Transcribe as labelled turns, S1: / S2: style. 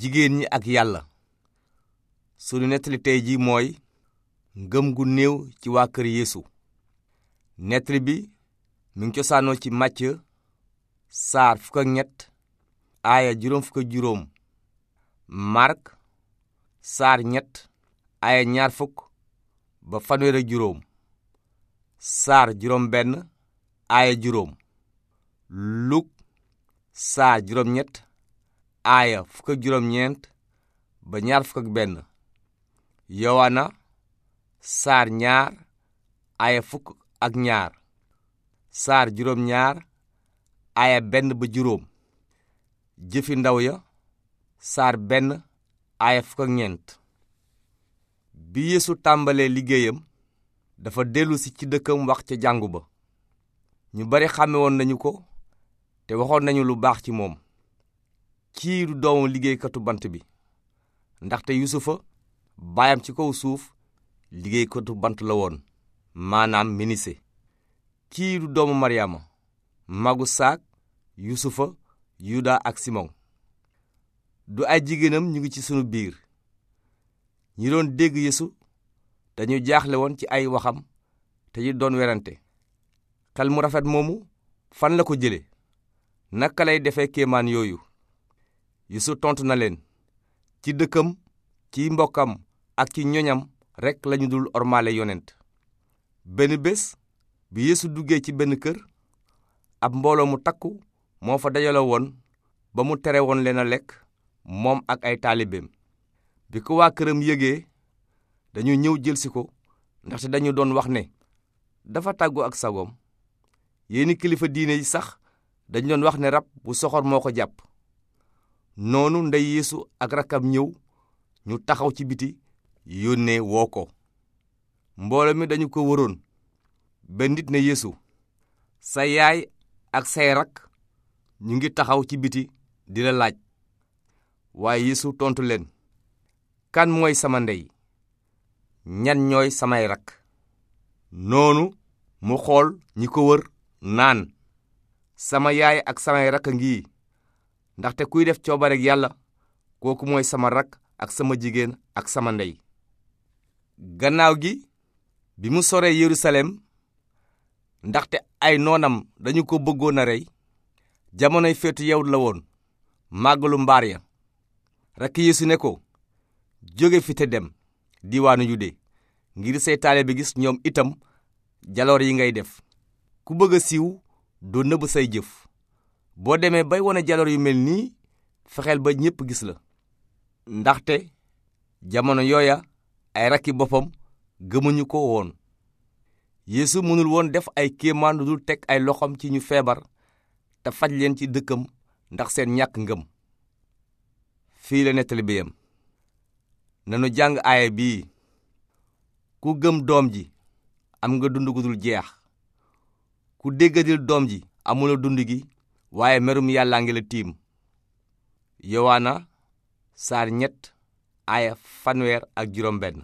S1: jigéen ñi ak yàlla sunu nettali tey ji mooy ngëm gu néew ci waa kër yéesu nettali bi mu ngi cosaanoo ci màcc saar fukk ak ñett aaya juróom fukk ak juróom mark saar ñett aaya ñaar fukk juróom saar juróom benn aaya juróom luk saar juróom ñett aaya ba ñaar yowana saar ak ñaar saar juróom ñaar aaya benn ba ndaw ya saar benn aaya bi yéesu tàmbalee liggéeyam dafa dellusi ci dëkkam wax ca jàngu ba ñu bari xàmme nañu ko te waxoon nañu lu baax ci moom kii du doomu liggéeykatu bant bi ndaxte yusufa baayam ci kaw suuf liggéeykatu bant la woon maanaam minise kii du doomu maryaama magu saak yusufa yuda ak simon du ay jigéenam ñu ngi ci sunu biir ñi doon dégg yeesu dañu jaaxle woon ci ay waxam te ñu doon werante xel mu rafet moomu fan la ko jële naka lay defee kemaan yooyu Yuusu tontu na leen ci dëkkam ci mbokkam ak ci ñoñam rekk lañu dul ormale yonent benn bés bi Yeesu duggee ci benn kër ab mbooloo mu takku moo fa dajale woon ba mu tere woon leen a lekk moom ak ay taalibeem bi ko waa këram yëgee dañu ñëw jëlsi ko ndaxte dañu doon wax ne dafa tàggu ak sagoom yenn kilifa diine yi sax dañu doon wax ne rab bu soxor moo ko jàpp noonu ndey yéesu ak rakkam ñëw ñu taxaw ci biti yónnee woo ko mboolo mi dañu ko wëroon ba nit ne sa yaay ak say rak ñu ngi taxaw ci biti di la laaj waaye yeesu tontu leen kan mooy sama ndey ñan ñooy samay rakk noonu mu xool ñi ko wër naan sama yaay ak samay rakk a ngi ndaxte kuy def coobareg yàlla kooku mooy sama rakk ak sama jigéen ak sama ndey gannaaw gi bi mu soree Yerusalem ndaxte ay noonam dañu ko bëggoon a rey jamonoy feetu yawut la woon màggalu mbaar ya rakk Yeesu ne ko jóge fi te dem diiwaanu Yude ngir seytaane bi gis ñoom itam jaloor yi ngay def ku bëgg a siiw doo nëbb say jëf boo demee bay wane jaloor yu mel nii fexeel ba ñépp gis la ndaxte jamono yooya ay rakki boppam gëmuñu ko woon yéesu mënul woon def ay kéemaan lu dul teg ay loxoom ci ñu feebar te faj leen ci dëkkam ndax seen ñàkk ngëm fii la nettali bi yem nanu jàng aaya bii ku gëm doom ji am nga dund gu dul jeex ku déggadil doom ji amuloo dund gi waaye merum yàllaa ngi la tiim yowaana saar ñett aaya fanweer ak juróom benn